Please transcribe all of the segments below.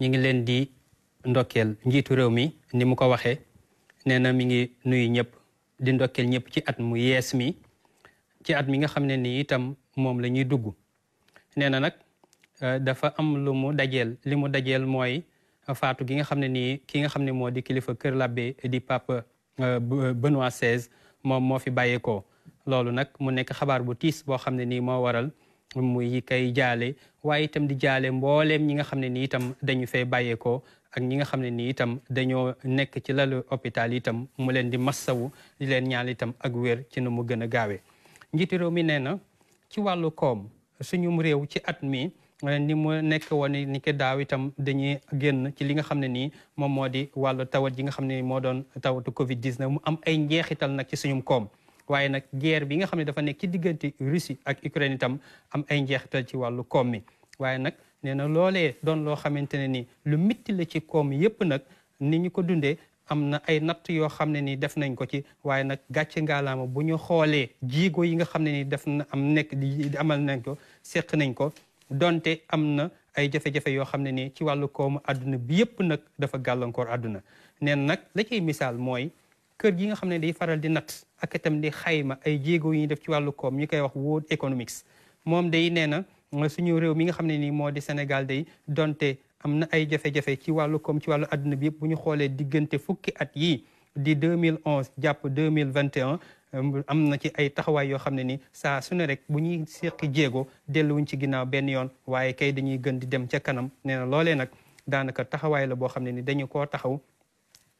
ñu ngi leen di ndokkeel njiitu réew mi ni mu ko waxee nee na mi ngi nuyu ñëpp di ndokkeel ñëpp ci at mu yees mi ci at mi nga xam ne nii itam moom la ñuy dugg nee na nag euh, dafa am lu mu dajeel li mu dajeel mooy faatu gi nga xam ne nii ki nga xam ne moo di kilifa kër labbe di pape euh, Benoît XVI moom moo fi bàyyeekoo loolu nag mu nekk xabaar bu tiis boo xam ne nii moo waral mu yi kay jaale waaye itam di jaale mbooleem ñi nga xam ne ni itam dañu fee bàyyeekoo ak ñi nga xam ne ni itam dañoo nekk ci lalu hôpital yitam mu leen di massawu di leen ñaal itam ak wér ci nu mu gën a gaawee. njiitu réew mi nee na ci wàllu koom suñum réew ci at mi eh, ni mu nekk woon ni ki daaw itam dañuy génn ci li nga xam ne nii moom moo di wàllu tawat ji nga xam ne moo doon tawatu Covid 19 mu am ay njeexital nag ci suñum koom. waaye nag guerre bi nga xam ne dafa nekk ci diggante Russie ak Ukraine itam am ay njeexital ci wàllu koom mi waaye nag nee na loolee doon loo xamante ne ni lu mitti la ci koom yépp nag ni ñu ko dundee am na ay natt yoo xam ne ni def nañ ko ci waaye nag gàcce ngaalaama bu ñu xoolee jiigo yi nga xam ne ni def na am nekk di amal nañ ko seq nañ ko donte am na ay jafe-jafe yoo xam ne ni ci wàllu koomu àdduna bi yépp nag dafa gàllankoor àdduna neen nag la ciy missaal mooy kër gi nga xam ne day faral di natt ak itam di xayma ay jéego yu ñu def ci wàllu koom ñu koy wax World Economics moom day nee na suñu réew mi nga xam ne nii moo di Sénégal day donte am na ay jafe-jafe ci wàllu koom ci wàllu àdduna bi yëpp bu ñu xoolee diggante fukki at yi di mille 2011 jàpp mille 2021 um, am na ci ay taxawaay yoo xam ne ni saa su ne rek bu ñuy seqi jéego delluwuñ ci ginnaaw benn yoon waaye kay dañuy gën di dem ca kanam nee na loolee nag daanaka taxawaay la boo xam ne ni dañu koo taxaw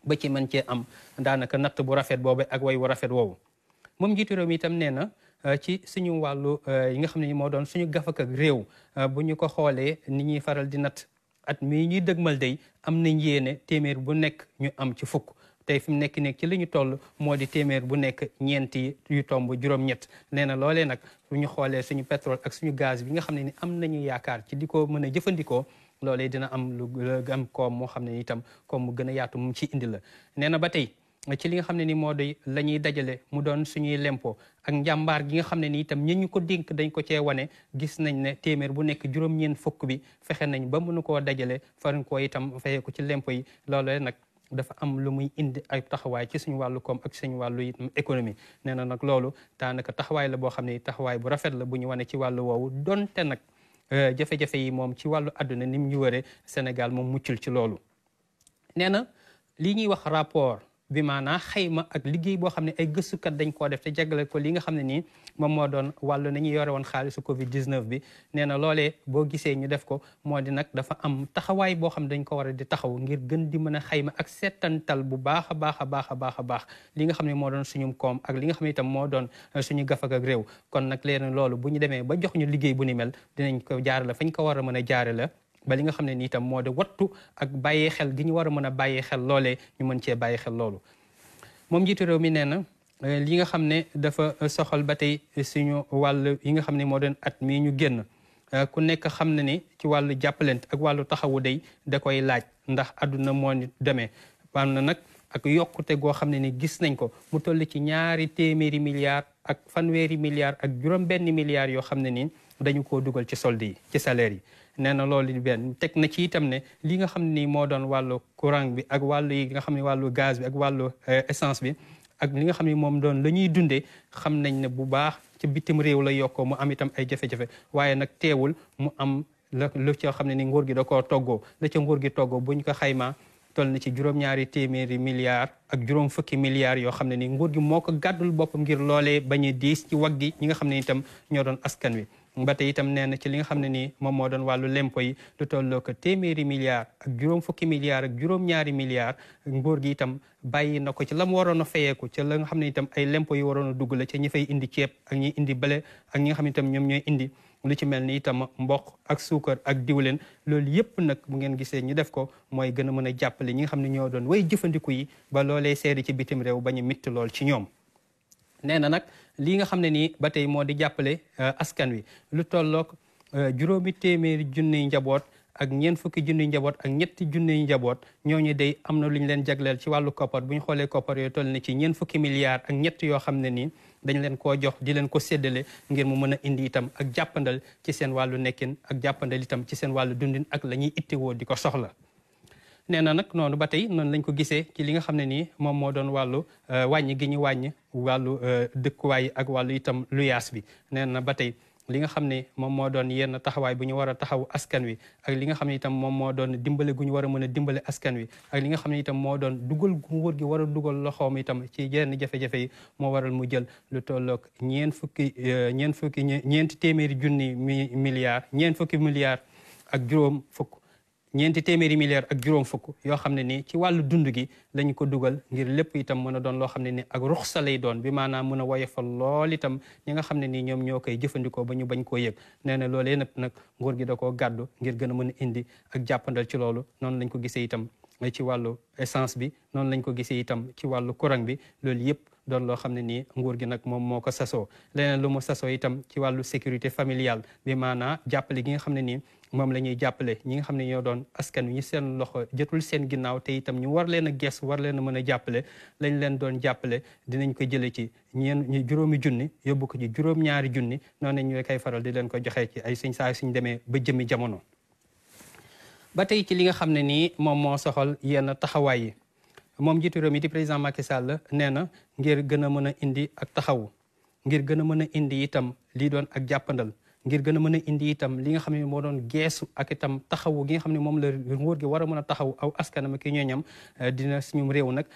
ba ci mën cee am daanaka natt bu rafet boobu ak woy bu rafet woowu moom njiitu réew mi itam nee na euh, ci suñu wàllu euh, yi nga xam ne ni moo doon suñu gafak ak réew euh, bu ñu ko xoolee ni ñuy faral di natt at mii ñuy dëgmal day am na njéene téeméer bu nekk ñu am ci fukk tey fi mu nekk nekk ci li ñu toll moo di téeméer bu nekk ñeenti yu tomb juróom-ñett nee na loolee nag lu ñu xoolee suñu pétrole ak suñu gaz bi nga xam ne ni am nañu yaakaar ci di ko mën a jëfandikoo loolee dina am lu am koom moo xam ne itam comme mu gën a yaatu mu ci indi la nee na ba tey ci li nga xam ne nii moo doy la ñuy dajale mu doon suñuy lempo ak njàmbaar gi nga xam ne nii itam ñi ñu ko dénk dañ ko cee wane gis nañ ne téeméer bu nekk juróom-ñeent fukk bi fexe nañ ba mënu koo dajale farin koo itam fexe ko ci lempo yi loolee nag dafa am lu muy indi ay taxawaay ci suñu wàllu koom ak suñu wàllu itam économie nee na nag loolu daanaka taxawaay la boo xam ne taxawaay bu rafet la bu ñu wane ci wàllu woowu donte nag Euh, jafe-jafe yi moom ci wàllu àdduna ni mu ñu wëree Sénégal moom muccul ci loolu nee na li ñuy wax rapport bi maanaa xayma ak liggéey boo xam ne ay gëstukat dañ koo def te jagleel ko li nga xam ne nii moom moo doon wàllu nañu yore woon xaalisu Covid 19 bi neena na loolee boo gisee ñu def ko moo di nag dafa am taxawaay boo xam ne dañ ko war a di taxaw ngir gën di mën a xayma ak setantal bu baax a baax a baax a baax a baax li nga xam ne moo doon suñu koom ak li nga xam ne itam moo doon suñu gafak ak réew kon nag leen loolu bu ñu demee ba jox ñu liggéey bu ni mel dinañ ko jaarale fañ ko war a mën a jaarale ba li nga xam ne ni itam moo de wattu ak bàyyee xel gi ñu war a mën a bàyyee xel loolee ñu mën cee bàyyi xel loolu moom njiitu réew mi nee na euh, li nga xam ne dafa soxal ba tey suñu wàll yi nga xam ne moo doon at mii ñu génn euh, ku nekk xam na ne ci wàllu jàppalante ak wàllu taxawu day da koy laaj ndax àdduna moo demee am na nag ak yokkute goo xam ne ni gis nañ ko mu toll ci ñaari téeméeri milliards ak fanweeri milliards ak juróom benn milliards yoo xam ne nii dañu koo dugal ci solde yi ci salaire yi nee na loolu benn teg na ci itam ne li nga xam ni moo doon wàllu courant bi ak wàllu yi nga xam ne wàllu gaz bi ak wàllu euh, essence bi ak li nga xam ne moom doon la ñuy dundee xam nañ ne bu baax ca bitim réew la yokkoo mu am itam ay jafe waaye nag teewul mu am la lu ca xam ne ni nguur gi da koo toggoo la ca nguur gi toggoo buñ ko xayma toll na ci juróom-ñaari téeméeri milliards ak juróom fukki milliards yoo xam ne ni nguur gi moo ko gàddul boppam ngir loolee bañ a diis ci waggi ñi nga xam ne itam ñoo doon askan wi ba tey itam nee na ci li nga xam ne nii moom moo doon wàllu lempo yi lu tolloo ko téeméeri milliards ak juróom fukki milliards ak juróom-ñaari milliards nguur gi itam bàyyi na ko ci la mu waroon a fayeeku ci la nga xam ne itam ay lempo yi waroon a dugg la ca fay indi ceeb ak ñi indi ak ñi nga xam ne itam ñoom ñooy indi lu ci mel ni itam mboq ak suukar ak diwleen loolu yëpp nag bu ngeen gisee ñu def ko mooy gën a mën a jàppale ñi nga xam ne ñoo doon way jëfandiku yi ba loole seeri ci bitim réew bañu mitt lool ci ñoom nee na nag lii nga xam ne nii ba tey moo di jàppale euh, askan wi lu tolloog euh, juróomi téeméeri junniy njaboot ak ñeent fukki junniy njaboot ak ñetti junniy njaboot ñooñu day am na lu ñu leen jagleel ci wàllu koppar bu ñu xoolee koppar yooyu toll na ci ñeent fukki milliards ak ñett yoo xam ne nii dañ leen koo jox di leen ko séddale ngir mu mën a indi itam ak jàppandal ci seen wàllu nekkin ak jàppandal itam ci seen wàllu dundin ak la ñuy ittewoo di ko soxla nee na nag noonu ba tey noonu lañ ko gisee ci li nga xam ne nii moom moo doon wàllu euh, wàññi gi ñu wàññi wàllu euh, dëkkuwaay ak wàllu itam luyaas bi nee na ba tey li nga xam ne moom moo doon yenn taxawaay bu ñu war a taxaw askan wi ak li nga xam ne itam moom moo doon dimbale war a mën a dimbale askan wi ak nga xam ne itam moo doon dugal nguur gi war a dugal loxoom itam ci yenn jafe-jafe yi moo waral mu jël lu tolloog ñeen euh, fukki ñeent fukki ñeenti téeméeri junni mi milliards ñeent fukki milliards ak juróom fukk ñeenti téeméeri milliards ak juróom fukk yoo xam ne nii ci wàllu dund gi lañ ko dugal ngir lépp itam mën a doon loo xam ne ni ak ruxsa lay doon bi maanaam mën a woyofal lool itam ñi xam ne nii ñoom ñoo koy jëfandikoo ba ñu bañ koo yëg nee na loolee nag nag nguur gi da koo gàddu ngir gën a mën a indi ak jàppandal ci loolu noonu lañ ko gisee itam ci wàllu essence bi noonu lañ ko gisee itam ci wàllu courant bi loolu yëpp doon loo xam ne nii nguur gi nag moom moo ko sasoo leneen lu mu sasoo itam ci wàllu sécurité familiale bi maanaa jàppale gi nga xam ne nii moom la ñuy jàppale ñi nga xam ne ñoo doon askan wi ñu seen loxo jotul seen ginnaaw te itam ñu war leen a gees war leen a mën a jàppale lañ leen doon jàppale dinañ ko jële ci ñeen ñu juróomi junni yóbbu ko ci juróom-ñaari junni noonu ñu koy faral di leen ko joxee ci ay suñ saay suñ demee ba jëmmi jamono. ba tey ci li nga xam ne nii moom moo soxal yenn taxawaay yi moom jiitu réew mi di président Macky Sall nee na ngir gën a mën a indi ak taxawu ngir gën a mën a indi itam lii doon ak jàppandal ngir gën a mën a indi itam li nga xam ne moo doon geesu ak itam taxawu xam ne moom la nguur gi war a mën a taxaw aw askanam ak ñooñam eh, dina suñu réew nag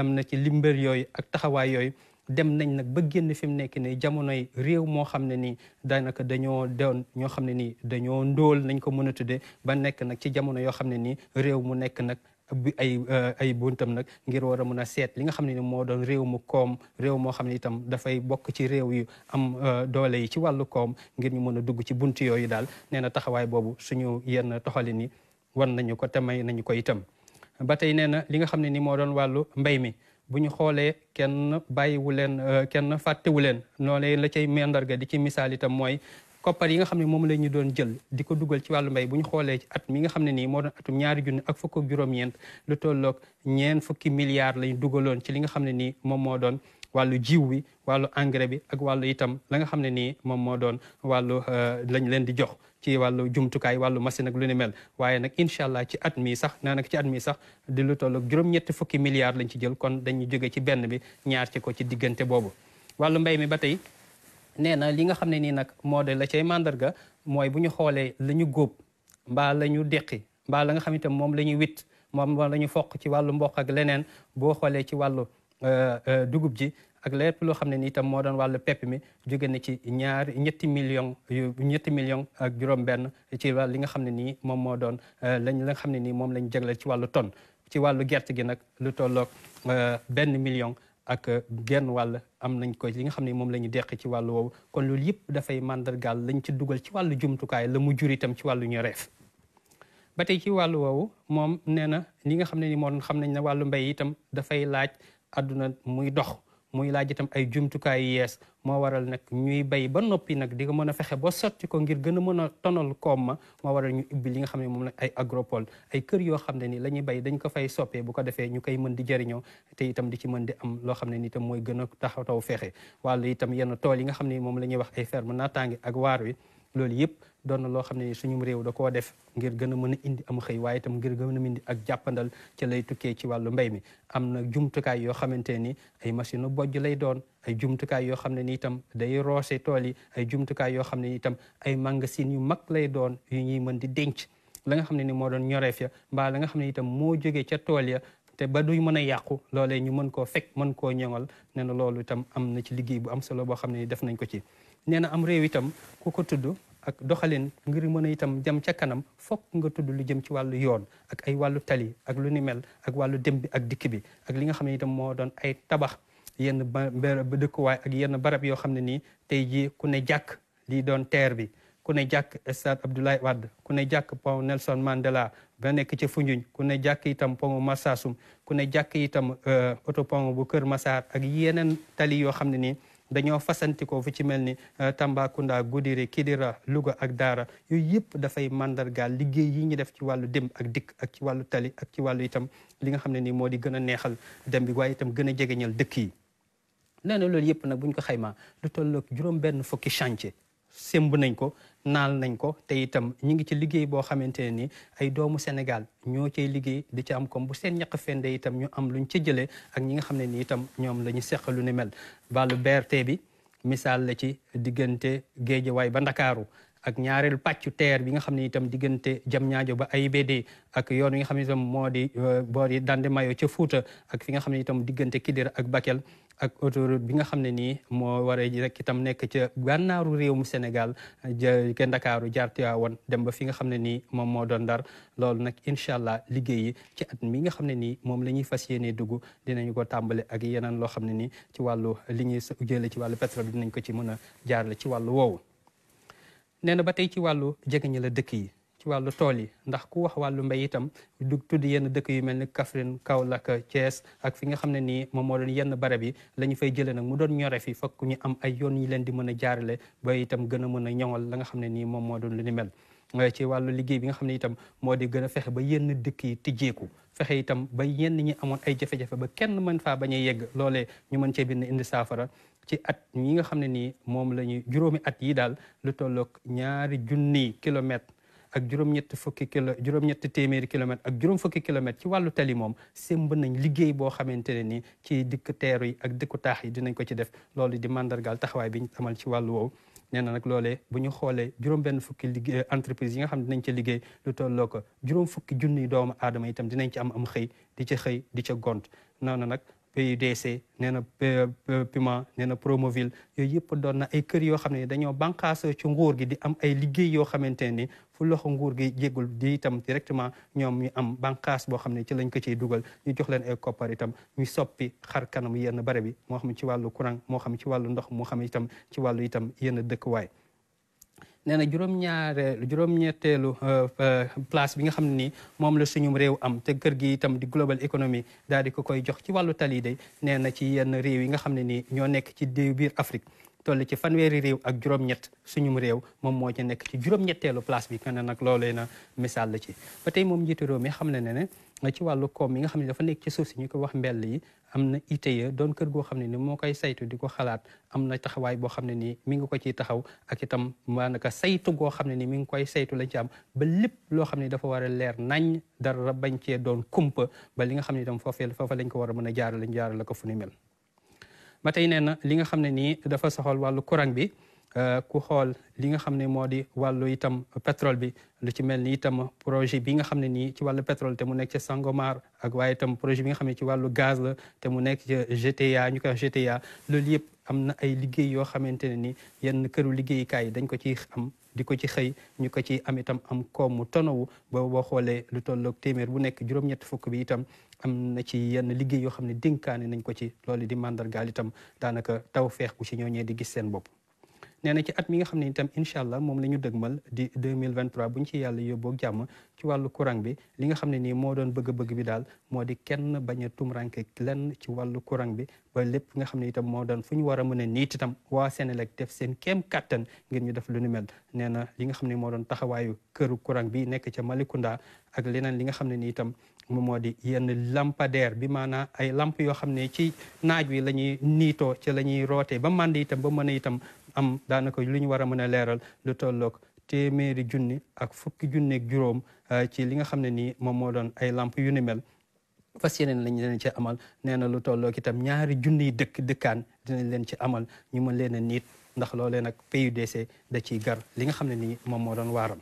am na ci limbër yooyu ak taxawaay yooyu dem nañ nag ba génn fi mu nekk nii jamonoy réew moo xam ne nii daanaka dañoo doon ñoo xam ne nii dañoo ndóol nañ ko mën a tuddee ba nekk nag ci jamono yoo xam ne nii réew mu nekk nag ay euh, ay buntam nag ngir war a mën a seet li nga xam ne moo doon réew mu koom réew moo xam ne itam dafay bokk ci réew yu am euh, doole yi ci wàllu koom ngir ñu mën a dugg ci bunt yooyu daal nee na taxawaay boobu suñu yenn toxalin yi wan nañu ko te may nañu ko itam. ba tey nee na li nga xam ne ni moo doon wàllu mbay mi bu ñu xoolee kenn bàyyiwu leen euh, kenn fàttewu leen noonu la cay mandarga di ci misaal itam mooy koppar yi nga xam ne moom la ñu doon jël di ko dugal ci wàllu mbay bu ñu xoolee ci at mi nga xam ne nii moo doon atum ñaari junni ak fukk juróom-ñeent lu tolloog ñeent fukki milliards lañu dugaloon ci li nga xam ne nii moom moo doon wàllu jiw bi wàllu engrais bi ak wàllu itam la nga xam ne nii moom moo doon wàllu euh, lañ leen di jox ci wàllu jumtukaay wàllu machine ak lu ni mel waaye nag incha allah ci at mi sax nee nag ci at mi sax di lu tolloog juróom-ñetti fukki milliards lañ ci jël kon dañu jóge ci benn bi ñaar ci ko ci diggante boobu wàllu mbay mi ba tey nee na li nga xam ne nii nag moo de la cay màndarga mooy bu ñu xoolee la ñu góob mbaa la ñu deqi mbaa la nga xam ne moom la ñu wit moom la ñu foq ci wàllu mboq ak leneen boo xoolee ci wàllu euh, euh, dugub ji ak lépp loo xam ne nii moo doon wàllu pepp mi jóge na ci ñaar ñetti million ñetti million ak juróom ci wàll li nga xam ne nii moom moo doon euh, lañ la nga xam ne nii moom la ñu jagleel ci wàllu ton ci wàllu gerte gi nag lu tolloog benn million ak genn wàll am nañ ko li nga xam ne moom la ñu deq ci wàllu woowu kon loolu yëpp dafay màndargaal lañ ci dugal ci wàllu jumtukaay la mu jur itam ci wàllu ñoreef ba tey ci wàllu woowu moom nee na li nga xam ne ni moo xam nañ ne wàllu mbay itam dafay laaj àdduna muy dox muy laaj itam ay jumtukaay yees moo waral nag ñuy bay ba noppi nag di ko mën a fexe ba sotti ko ngir gën a mën a tonal koom ma moo waral ñu ubbi li nga xam ne moom nag ay agropole ay kër yoo xam ne ni la ñuy bay dañ ko fay soppee bu ko defee ñu koy mën di jariñoo te itam di ci mën di am loo xam ne ni itam mooy gën a taxaw taw fexe wàllu itam yenn tool yi nga xam ne moom la ñuy wax ay ferme naataange ak waar wi loolu yëpp doon na loo xam ne suñu réew da koo def ngir gën a mën a indi am xëy waaye itam ngir gën a indi ak jàppandal ci lay tukkee ci wàllu mbay mi am na jumtukaay yoo xamante ni ay machine bojj lay doon ay jumtukaay yoo xam ne nii itam day roose tool yi ay jumtukaay yoo xam ne itam ay magasin yu mag lay doon yu ñuy mën di denc la nga xam ne ni moo doon ñoreef ya mbaa la nga xam ne itam moo jógee ca tool ya te ba duy mën a yàqu loole ñu mën koo fekk mën koo ñoŋal nee na loolu itam am na ci liggéey bu am solo boo xam ne ni def nañ ko ci nee na am réew itam ku ko tudd ak doxalin ngir mën a itam dem ca kanam fok nga tudd lu jëm ci wàllu yoon ak ay wàllu tali ak lu ni ak wàllu dem bi ak dikk bi ak li nga xam ne itam moo doon ay tabax yenn ba dëkkuwaay ak yenn barab yoo xam ne nii tey jii ku ne jàkk lii doon teer bi ku ne jàkk stade Abdoulaye Wade ku ne jàkk pont Nelson Mandela ba nekk ci Foundiougne ku ne jàkk itam pont Marsassoum ku ne jàkk itam autopont euh, bu Kër Massar ak yeneen tali yoo xam ne nii dañoo fasantikoo fu ci mel ni euh, Tambacounda Goudiri Kidira Louga ak Daara yooyu yëpp dafay mandargaal liggéey yi ñu def ci wàllu dem ak dikk ak ci wàllu tali ak ci wàllu itam li nga xam ne nii moo di gën a neexal dem bi waaye itam gën a jegeñal dëkk yi nee na loolu yëpp nag bu ñu ko xaymaa du tolloog juróom benn fukki chantier sémb nañ ko naal nañ ko te itam ñu ngi ci liggéey boo xamante ne ni ay doomu Sénégal ñoo cay liggéey di ci am kom bu seen ñaq fende itam ñu am lu ñu ci jëlee ak ñi nga xam ne ni itam ñoom la ñu seq lu ni mel wàllu BRT bi missaal la ci diggante Géejawaay ba Ndakaaru ak ñaareelu pàccu teer bi nga xam ne itam diggante jam ñaajo ba AIBD ak yoon wi nga xam ne itam moo di euh, boor yi Dande Mayo ca Fuuta ak fi nga xam ne itam diggante Kidira ak Bakel ak autoroute bi nga xam ne nii moo waree rek itam nekk ca gànnaaru réew mu Sénégal Ndakaaru jaar Tiwaawan dem ba fi nga xam ne nii moom moo doon dar loolu nag incha allah liggéey yi ci at mi nga xam ne nii moom la ñuy fas yéenee dugg dinañu ko tàmbale ak yeneen loo xam ne nii ci wàllu li ñuy jëlee ci wàllu pétrole dinañ ko ci mën a jaarale ci wàllu woowu nee na ba tey ci wàllu ñi la dëkk yi ci wàllu tool yi ndax ku wax wàllu mbéy itam du tudd yenn dëkk yu mel ni Kaffrine Kaolack cees ak fi nga xam ne nii moom moo doon yenn barab yi la ñu fay jëlee nag mu doon ñore fi fokk ñu am ay yoon yi leen di mën a jaarale ba itam gën a mën a ñoŋal la nga xam ne nii moom moo doon lu ni mel ci wàllu liggéey bi nga xam ne itam moo di gën a fexe ba yenn dëkk yi tijjeeku fexe itam ba yenn ñi amoon ay jafe-jafe ba kenn mën faa bañ yegg loole ñu mën cee bind indi saafara ci at ñi nga xam ne nii moom la ñuy juróomi at yi daal lu tolloog ñaari junniy kilomètre ak juróom-ñetti fukki kilo juróom-ñetti téeméeri kilomètre ak juróom fukki kilomètre ci wàllu tali moom sémb nañ liggéey boo xamante ne nii ci dikk teeru yi ak dikku taax yi dinañ ko ci def loolu di mandargaal taxawaay bi ñu amal ci wàllu woowu neen na nag loolee bu ñu xoolee juróom benn fukki liggéey euh, entreprise yi nga xam ne dinañ ca liggéey lu tolloo ko juróom fukki junniy doomu aadama itam dinañ ci am am xëy di ca xëy di ca gont na nag PUDC nee na Puma nee na Promoville yooyu yëpp doon na ay kër yoo xam ne dañoo bànqaasoo ci nguur gi di am ay liggéey yoo xamante ni fu loxo nguur gi jéggul di itam directement ñoom ñu am bànqaas boo xam ne ci lañ ko ciy dugal ñu jox leen ay koppar itam ñu soppi xar kanam yenn bare bi moo xam ci wàllu courant moo xam ci wàllu ndox moo xam itam ci wàllu itam yenn dëkkuwaay nee na juróom-ñaareel juróom-ñetteelu euh, euh, place bi nga xam ne ni moom la suñu réew am te kër gi itam di global economy daal di ko koy jox ci wàllu tali day nee na ci yenn réew yi nga xam ne nii ñoo nekk ci biir Afrique toll ci fanweeri réew ak juróom-ñett suñu réew moom moo ci nekk ci juróom-ñetteelu place bi kenn nag loolee na misaal la ci ba tey moom njiitu réew mi xam na ne ne ci wàllu koom yi nga xam ne dafa nekk ci suuf si ñu ko wax mbell yi am na ITIE doon kër goo xam ne ni moo koy saytu di ko xalaat am na taxawaay boo xam ne nii mi ngi ko ciy taxaw ak itam maanaka saytu goo xam ne ni mi ngi koy saytu lañ ci am ba lépp loo xam ne dafa war a leer nañ dara bañ cee doon kumpa ba li nga xam ne itam foofee foofa lañ ko war a mën a jaarale jaarale ko fu ni mel ba tey nee na li nga xam ne nii dafa soxal wàllu courant bi Euh, ku xool li nga xam ne moo di wàllu itam pétrole bi lu ci mel ni itam projet bi nga xam ne nii ci wàllu pétrole te mu nekk ci Sangomar ak waaye itam projet bi nga xam ne ci wàllu gaz la te mu nekk ci GTA ñu koy wax GTA loolu yëpp am na ay liggéey yoo xamante ne ni yenn këru liggéeyukaay dañ ko ciy am di ko ci xëy ñu ko ci am itam am koom mu tonawu boobu boo xoolee lu tolloog téeméer bu nekk juróom fukk bi itam am na ci yenn liggéey yoo xam ne dénkaane nañ ko ci loolu di mandargaal itam daanaka taw feex bu ci ñooñee di gis seen bopp nee na ci at mi nga xam ne itam incha allah moom la dëgmal di 2023 bu ñu ci yàlla yóbboog jàmm ci wàllu courant bi li nga xam ne nii moo doon bëgg-bëgg bi daal moo di kenn bañ a tumranke lenn ci wàllu courant bi lépp nga xam ne itam moo doon fu ñu war a mën niit itam waa Senelec seen kéem kattan ngir ñu def lu ni nee na li nga xam ne moo doon taxawaayu këru courant bi nekk ca Malicounda ak leneen li nga xam ne nii itam moom moo di yenn lampadaire bi maanaam ay lamp yoo xam ne ci naaj wi la ñuy niitoo ci la ñuy rootee ba mànd itam ba mën a itam am daanaka li ñu war a mën a leeral lu tolloog téeméeri junni ak fukki junni ak juróom eh, ci li nga xam ne nii moom moo doon ay làmp yu ni mel fas yeneen lañ leen ci amal nee na lu tolloog itam ñaari junniy dëkk dëkkaan dinañ leen ci amal ñu mën leen a niit ndax loolee nag PUDC da ciy gar li nga xam ne ni moom moo doon waaram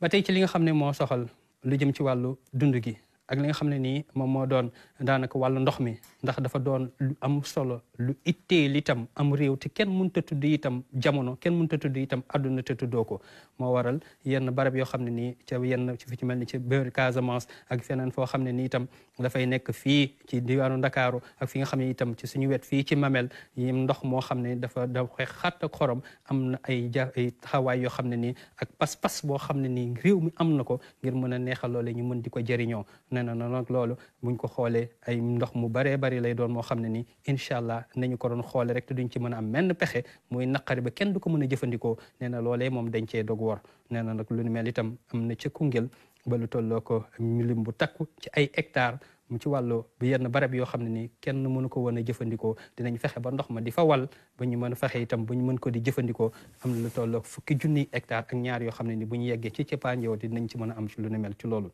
ba tey ci li nga xam ne moo soxal lu jëm ci wàllu dund gi ak li nga xam ne nii moom moo doon daanaka wàllu ndox mi ndax dafa doon lu am solo lu itteel itam am réew ti kenn mënut a tudd itam jamono kenn mënut a tudd itam àdduna te tuddoo moo waral yenn barab yoo xam ne nii ca yenn fi ci mel ni ci biir Casamance ak feneen foo xam ne nii itam dafay nekk fii ci diwaanu Ndakaaru ak fi nga xam ne itam ci suñu wet fii ci mameel yim ndox moo xam ne dafa dafay xat ak xorom am na ay ja taxawaay yoo xam ne nii ak pas-pas boo xam ne nii réew mi am na ko ngir mën a neexal loole ñu mën di ko jariñoo nee na nag loolu buñ ko xoolee ay ndox mu baree bari lay doon moo xam ne nii incha allah nañu ko doon xoole rek te duñ ci mën a am menn pexe muy naqari ba kenn du ko mën a jëfandikoo nee na loolee moom dañ cee dog wor nee na nag lu ni mel itam am na ca Koungheul ba lu tolloo ko milim bu takku ci ay hectares mu ci wàllu yenn barab yoo xam ne ni kenn mënu ko woon a jëfandikoo dinañ fexe ba ndox ma di fa ba ñu mën a fexe itam ba ñu mën ko di jëfandikoo am lu tolloo fukki junniy hectares ak ñaar yoo xam ne ni bu ñu yeggee ci cëppaanjow dinañ ci mën am ci lu ni ci loolu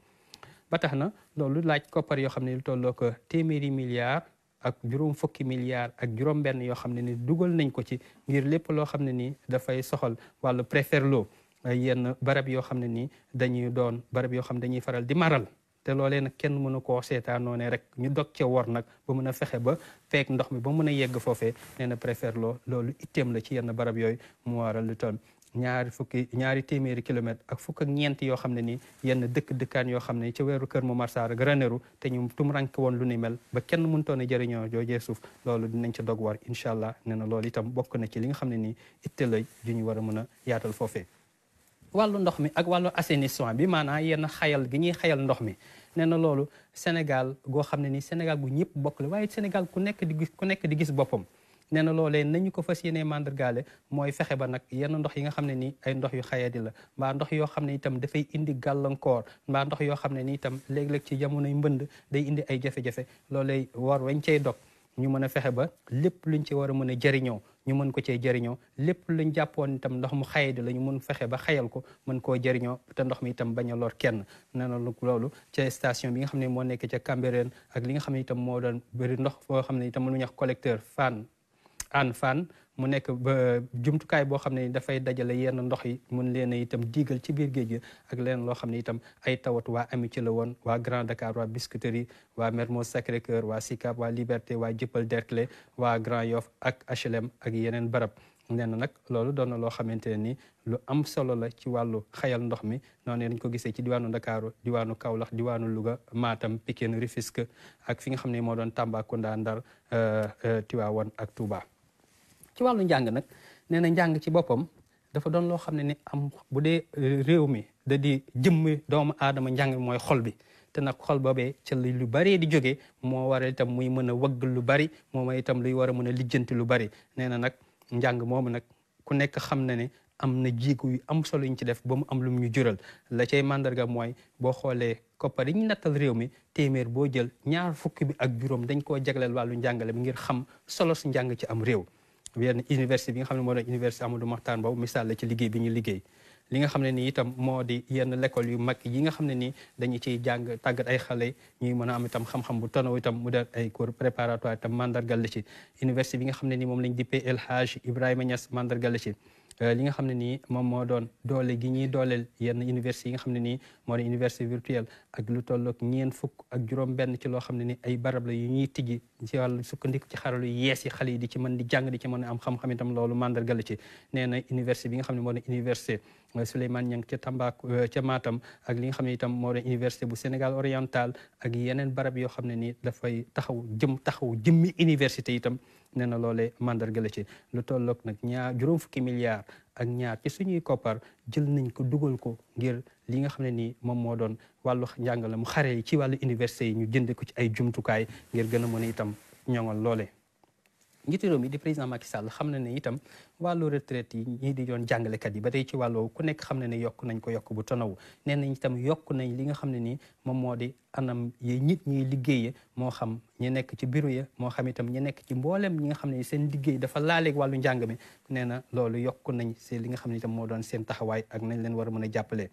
yoo xam ne lu tolloo ko téeméeri milliards ak juróom fukki milliards ak juróom-benn yoo xam ne ni dugal nañ ko ci ngir lépp loo xam ne nii dafay soxal wàllu Preferlo yenn barab yoo xam ne nii dañuy doon barab yoo xam ne dañuy faral di maral te loolee nag kenn mënu koo seetaanoo ne rek ñu dog ca wor nag ba mën a fexe ba feek ndox mi ba mën a yegg foofee nee na loolu itteem la ci yenn barab yooyu mu waral lu toll ñaari fukki ñaari téeméeri kilomètre ak fukk ak ñeent yoo xam ne nii yenn dëkk dëkkaan yoo xam ne ca weeru Kër Momar Sarr ak Ranérou te ñu tumrank woon lu ni mel ba kenn mënutoon a jëriñoo joojee suuf loolu dinañ ca dog war incha allah nee na loolu itam bokk na ci li nga xam ne nii itte la ju ñu war a mën a yaatal foofe wàllu ndox mi ak wàllu assainissement bi maanaam yenn xayal gi ñuy xayal ndox mi nee na loolu Sénégal goo xam ne nii Sénégal gu ñëpp bokk la waaye Sénégal ku nekk di gis ku nekk di gis boppam nee na loolee ko fas yéenee màndargaale mooy fexe ba yenn ndox yi nga xam ne nii ay ndox yu xayadi la mbaa ndox yoo xam ne itam dafay indi gàllankoor mbaa yoo xam ne nii itam léeg-léeg ci jamonoy mbënd day ay jafe-jafe war wañ cey dog ñu mën a fexe ba lépp luñ ci war a mën a jëriñoo ñu mën ko cee jëriñoo lépp luñ jàppoon itam ndox mu xayadi la ñu mën fexe ba xayal ko mën koo jëriñoo te ndox mi itam bañ a lor kenn nee na loolu ca station bi nga xam ne moo nekk ca Cambérène ak li nga xam ne itam moo doon bëri ndox foo xam ne itam mënuñu wax collecteur Fann Hann Fann mu nekk jumtukaay boo xam ne dafay dajale yenn ndox yi mun leen a itam diigal ci biir géej gi ak leen loo xam ne itam ay tawat waa Amitié la woon waa Grand Dakar waa Biscuiterie waa Mermoz Sacré-Cœur waa Sicap waa Liberté waa Dieuppeul Derklé waa Grand Yoff ak HLM ak yeneen barab nee na nag loolu doon na loo xamante ne ni lu am solo la ci wàllu xayal ndox mi noonu lañ ko gisee ci diwaanu Ndakaaru diwaanu Kaolack diwaanu Louga maatam pikin Rufisque ak fi nga xam ne moo doon Tambacounda Ndar euh, euh, Tivaouane ak Touba. ci wàllu njàng nag nee na njàng ci boppam dafa doon loo xam ne ni am bu dee euh, réew mi da di jëmmi doomu aadama njàng mi mooy xol bi te nag xol boobee ca lu baree di jóge moo waral itam muy mën a wagg lu bari moo itam luy war a mën a lijjanti lu bari nee na nag njàng moomu nag ku nekk xam ne ne am na jiiku yu am solo yuñ ci def ba mu am lum ñu jural la cay mandarga mooy boo xoolee koppar yi ñu nattal réew mi téeméer boo jël ñaar fukki bi ak juróom dañ koo jagleel wàllu njàngale bi ngir xam solo su njàng ci am réew yenn université bi nga xam ne moo doon université Amadou Mahtar Mbow misaal la ci liggéey bi ñu liggéey li nga xam ne nii itam moo di yenn l'école yu mag yi nga xam ne nii dañu ciy jàng tàggat ay xale ñuy mën a am itam xam-xam bu tonaw itam mu def ay cours préparatoire itam mandargal la ci université bi nga xam ne nii moom lañ dippee El Hadj Ibrahima ñas mandargal la Euh, li nga xam ne nii moom moo doon doole gi ñuy dooleel yenn université yi nga xam ne nii moo doon université virtuelle ak lu tolloog ñeen fukk ak juróom-benn ci loo xam ne ni ay barab la yu ñuy tigi ci wàllu sukkandiku ci xaralu yees yi xale yi di ci mën di jàng di ci mën a am xam-xam itam loolu mandargal ci nee na université bi nga xam ne moo doon université Euh, Souleymane Niang ca Tambac euh, ca maatam ak li nga xam ne itam moo doon université bu Sénégal oriental ak yeneen barab yoo xam ne nii dafay taxaw jëm taxaw jëmmi université itam nee na loolee mandarga la ci lu tolloog nag ñaar juróom fukki milliards ak ñaar ci suñuy koppar jël nañ ko dugal ko ngir li nga xam ne nii moom moo doon wàllu njàngale mu xare yi ci wàllu université yi ñu jënd ko ci ay jumtukaay ngir gën a mën a itam ñoŋal loole njiitu réew mi di président Macky Sall xam na ne itam wàllu retraite yi ñii di doon jàngalekat yi ba tey ci wàllu ku nekk xam na ne yokk nañ ko yokk bu tonaw nee nañ itam yokk nañ li nga xam ne nii moom moo di anam yi nit ñuy liggéeye moo xam ñi nekk ci bureau ya moo xam itam ñi nekk ci mboolem ñi nga xam ne seen dafa laaleeg wàllu njàng mi nee na loolu yokk nañ li nga xam ne itam moo doon seen taxawaay ak nañ leen war a mën a jàppale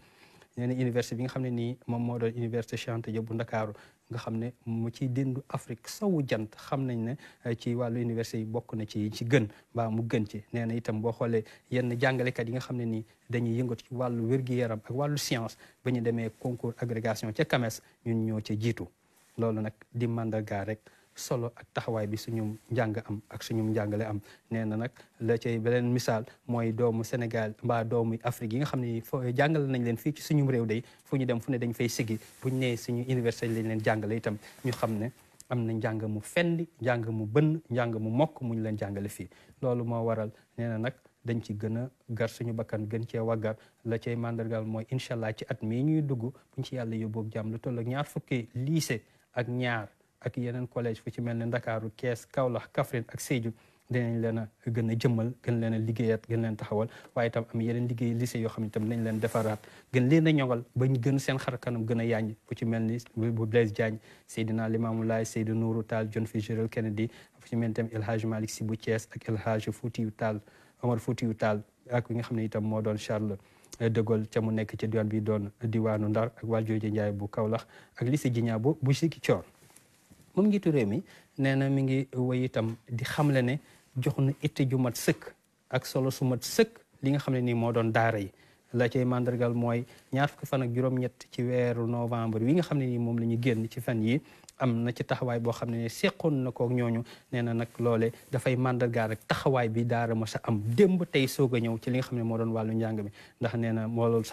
nee na université bi nga xam ne ni moom moo doon université Cheikh Anta bu Ndakaaru nga xam ne mu ci déndu Afrique sawu jant xam nañ ne eh, ci wàllu université yi bokk na ci ci gën mbaa mu gën ci nee na itam boo xoolee yenn jàngalekat yi nga xam ne nii dañuy yëngatu ci wàllu wér-gu-yaram ak wàllu science ba ñu demee concours agrégation ca kames ñun ñëw ca jiitu loolu nag di mandarga rek solo ak taxawaay bi suñu njàng am ak suñu njàngale am nee na nag la cay beneen misaal mooy doomu Sénégal mbaa doomu Afrique yi nga xam ne foo jàngale nañ leen fii ci suñu réew day fu ñu dem fu ne dañ fay siggi buñ nee suñu université lañ leen jàngale itam ñu xam ne am na njàng mu fenn njàng mu bënn njàng mu mokk muñ leen jàngale fii loolu moo waral nee na nag dañ ci gën a gar suñu bakkan gën cee waggar la cay màndargaal mooy incha allah ci at mii ñuy dugg buñ ci yàlla yóbbu jàmm lu toll ak ñaar fukki lycée ak ñaar ak yeneen collège fu ci mel ne Ndakaaru Kees Kaolack Kaffrine ak Sédhiou dinañ leen a gën a jëmmal gën leen a liggéeyaat gën leen taxawal waaye itam am yeneen liggéey lycée yoo xam ne itam nañ leen defaraat gën leen a ñogal bañ gën seen xar kanam gën a yaañ fu ci mel ni bu Blaise Diagne Seydina Limamou Laye Seydou Nourou Tall John Fitzgerald Kennedy fu ci mel ni itam El Hadj Malick Sy bu Thiès ak El Hadj taal Tall Omar Foutiyou Tall ak yi nga xam ne itam moo doon Charles de ca mu nekk ca diwaan bi doon diwaanu Ndar ak Valdiodio Ndiaye bu Kaolack ak lycée Djignabo bu Ziguinchor moom njiitu réew mi nee na mi ngi woy itam di xamle ne jox na itte ju mat sëkk ak solo su mat sëkk li nga xam ne nii moo doon daara yi la cay màndargal mooy ñaar fukki fan ak juróom-ñett ci weeru novembre wi nga xam ne nii moom la ñu génn ci fan yi am na ci taxawaay boo xam ne ne seqoon na kook ñooñu nee na nag loole dafay màndargaal rek taxawaay bi daara ma sa am démb tey soog a ñëw ci li nga xam ne moo doon wàllu njàng mi ndax nee na moo loolu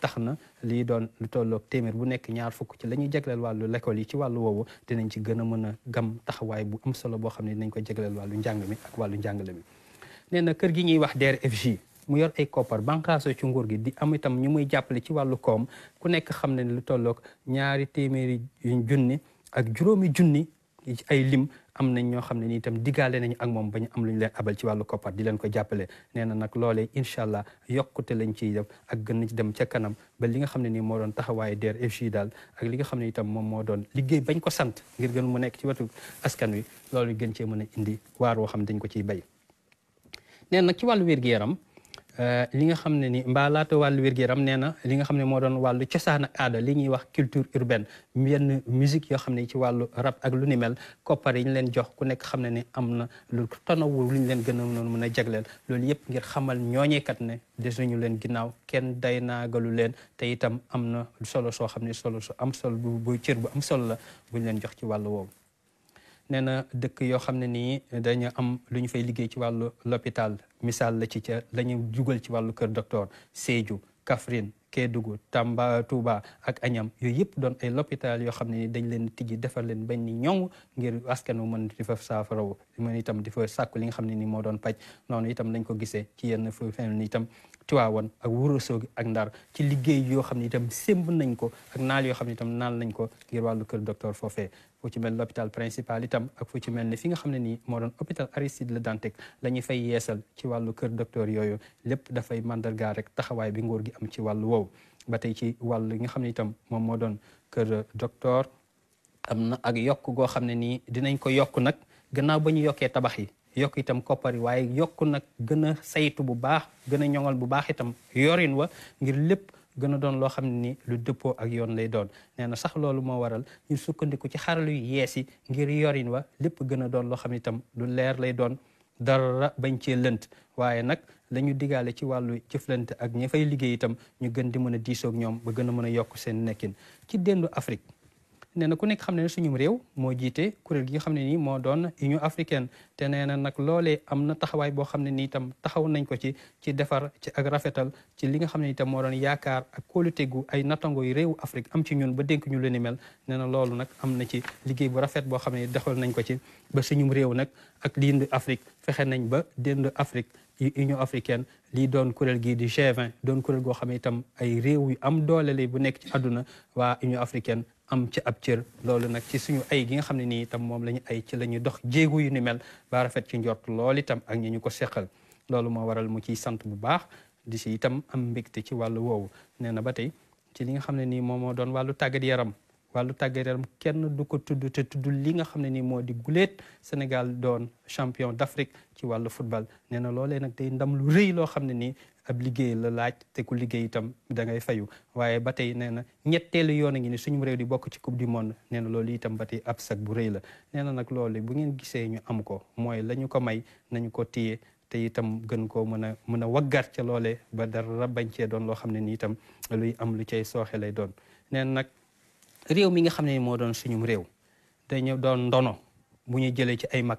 tax na lii doon lu tolloog téeméer bu nekk ñaar fukk ci la ñuy jagleel wàllu l'école yi ci wàllu woowu dinañ ci gën a mën a gam taxawaay bu am solo boo xam ne dinañ ko jagleel wàllu njàng mi ak wàllu njàngale nee na kër gi ñuy wax DER/FJ mu yor ay koppar banqaaso ci nguur gi di am itam ñu muy jàppale ci wàllu koom ku nekk xam ne lu tollook ñaari téeméeri junni ak juróomi junni ci ay lim am nañ ñoo xam ne ni itam digaale nañu ak moom ba am lu ñu leen abal ci wàllu koppar di leen ko jàppale nee na nag loolee incha allah yokkute lañ ciy def ak gën na ci dem ca kanam ba li nga xam ne nii moo doon taxawaayu DER/FJ daal ak li nga xam ne itam moom moo doon liggéey bañ ko sant ngir gën mu nekk ci wetu askan wi loolu gën cee mën a indi waar woo xam dañ ko ciy bay nee na ci wàllu wér-gu-yaram li nga xam ne ni mbaa wàllu wér-gu-yaram nee na li nga xam ne moo doon wàllu cosaan ak aada li ñuy wax culture urbaine yenn musique yoo xam ne ci wàllu rap ak lu ni koppar yi ñu leen jox ku nekk xam ne ni am na lu tonawu lu ñu leen gën noonu mën a jagleel loolu yëpp ngir xamal ñooñeekat ne desuñu leen ginnaaw kenn day naagalu leen te itam am na solo soo xam ne solo su am solo bu cër bu am solo la buñ leen jox ci wàllu woowu nee na dëkk yoo xam ne nii dañu am lu ñu fay liggéey ci wàllu l'hôpital misaal la ci ca la jugal ci wàllu kër docteur Sédhiou Kaffrine Kédougou Tamba Touba ak Agnam yooyu yëpp doon ay l'hôpital yoo xam ne ni dañ leen tijji defar leen bañ ni ñoŋ ngir askan wu mën di fa saafaraw mën itam di fa sàkku li nga xam ne nii moo doon paj noonu itam lañ ko gisee ci yenn fu ni itam Tiwaawan ak soog ak Ndar ci liggéey yoo xam ne itam semb nañ ko ak naal yoo xam ne itam naal nañ ko ngir wàllu kër docteur foofee fu ci mel l'hôpital principal itam ak fu ci mel ne fi nga xam ne nii moo doon hôpital Aristide Le Dantec la ñu fay yeesal ci wàllu kër docteur yooyu lépp dafay mandargaal rek taxawaay bi nguur gi am ci wàllu woowu ba tey ci wàllu yi nga xam ne itam moom moo doon kër docteur am na ak yokk goo xam ne nii dinañ ko yokk nag gannaaw ba ñu yokkee tabax yi yokk itam koppar yi waaye yokk nag gën a saytu bu baax gën a ñoŋal bu baax itam yorin wa ngir lépp gën a doon loo xam ne ni lu dëppoo ak yoon lay doon nee na sax loolu moo waral ñu sukkandiku ci xarala yu yees yi ngir yorin wa lépp gën a doon loo xam ne itam lu leer lay doon dara bañ cee lënt waaye nag la digaale ci wàllu jëflante ak ña fay liggéey itam ñu gën di mën a diisoog ñoom ba gën a mën a yokk seen nekkin ci dendu Afrique nee na ku nekk xam ne ne suñum réew moo jiite kuréel gi nga xam ne nii moo doon Union africaine te nee na nag loolee am na taxawaay boo xam ne nii itam taxaw nañ ko ci ci defar ci ak rafetal ci li nga xam ne itam moo doon yaakaar ak kóolute gu ay nattango yu réewu Afrique am ci ñun ba dénk ñu leen ni mel nee na loolu nag am na ci liggéey bu rafet boo xam ne doxal nañ ko ci ba suñum réew nag ak lind Afrique fexe nañ ba dénd Afrique Union africaine lii doon kuréel gii di gevin 20 doon kuréel goo xam ne itam ay réew yu am doole lay bu nekk ci àdduna waa Union africaine am ci ab cër loolu nag ci suñu ay gi nga xam ne nii itam moom la ñu ay ci la ñuy dox jéego yu ni mel ba rafet ci njort lool itam ak ñu ñu ko seqal loolu moo waral mu ciy sant bu baax di si itam am mbégte ci wàllu woowu nee na ba tey ci li nga xam ne nii moom moo doon wàllu tàggat yaram wàllu tàggat yaram kenn du ko tudd te tudd li nga xam ne ni moo di guleet Sénégal doon champion d'Afrique ci wàllu football nee na loolee nag tey ndam lu rëy loo xam ne nii ab liggéey la laaj te ku liggéey itam dangay ngay waaye ba tey nee na ñetteelu yoon a ngi ni suñu réew di bokk ci coupe du monde nee na loolu itam ba ab sag bu rëy la nee na nag loole bu ngeen gisee ñu am ko mooy la ñu ko may nañu ko téye te itam gën koo mën a mën a waggaat ca loole ba dara bañ cee doon loo xam ne ni itam luy am lu cee sooxe lay doon nee nag réew mi nga xam ne moo doon suñu réew dañu doon ndono bu ñu jëlee ci ay mag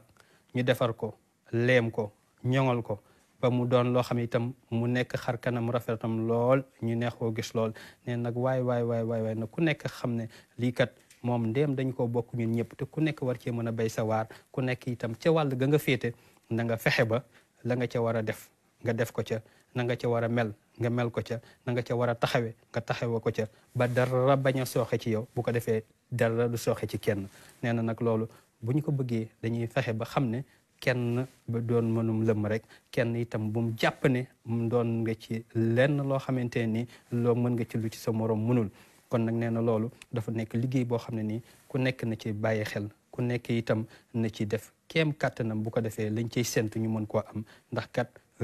ñu defar ko leem ko ñoŋal ko ba mu doon loo xam itam mu nekk xar kanam rafet rafetam lool ñu neex neexoo gis lool nee nag waay waay waay waay waay nag ku nekk xam ne lii kat moom ndéem dañ ko bokk ñun ñëpp te ku nekk war cee mën a bay sa waar ku nekk itam ca wàll ga nga féete nanga fexe ba la nga ca war a def nga def ko ca na nga ca war a mel nga mel ko ca na nga ca war a taxawe nga taxawe ko ca ba dara bañ a sooxee ci yow bu ko defee dara du sooxe ci kenn nee na nag loolu bu ñu ko bëggee dañuy fexe ba xam ne kenn ba doon mënum lëm rek kenn itam bu mu jàpp ne mu doon nga ci lenn loo xamante ni loo mën nga ci lu ci sa moroom mënul kon nag nee na loolu dafa nekk liggéey boo xam ne nii ku nekk na ci bàyyi xel ku nekk itam na ci def kéem kàttanam bu ko defee lañ ciy séntu ñu mën koo am ndax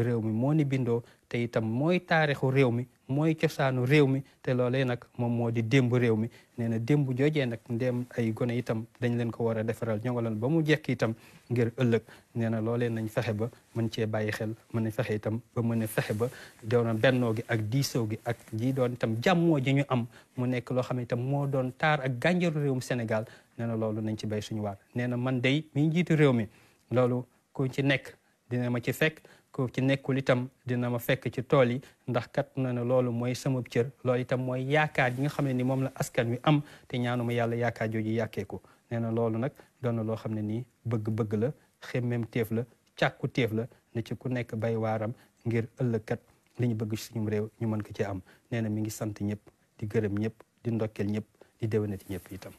réew mi moo ni bindoo te itam mooy taarixu réew mi mooy cosaanu réew mi te loolee nag moom moo di démb réew mi nee na démb joojee nag ndéem ay gone itam dañ leen ko war a defaral ñoŋaloon ba mu jekk itam ngir ëllëg nee na loolee nañ fexe ba mën cee bàyyi xel mën a fexe itam mën a fexe ba doon bennoo gi ak diisoo gi ak ji itam jàmmoo ji ñu am mu nekk loo xam itam moo doon taar ak gànjaru réewum Sénégal nee na loolu nañ ci bay suñu waar nee na man day mi njiitu réew mi loolu ku ci nekk dina ma ci fekk ku ci nekkul itam dina ma fekk ci tool yi ndax kat na ne loolu mooy sama cër lool itam mooy yaakaar yi nga xam ne ni moom la askan wi am te ñaanuma yàlla yaakaar jooju yàkkee ko nee na loolu nag doon na loo xam ne nii bëgg-bëgg la xemmem téef la càkku téef la na ci ku nekk bay waaram ngir ëllëg kat li ñu bëgg suñu réew ñu mën ko ci am nee na mi ngi sant ñëpp di gërëm ñëpp di ndokkeel ñëpp di déwénati ñëpp itam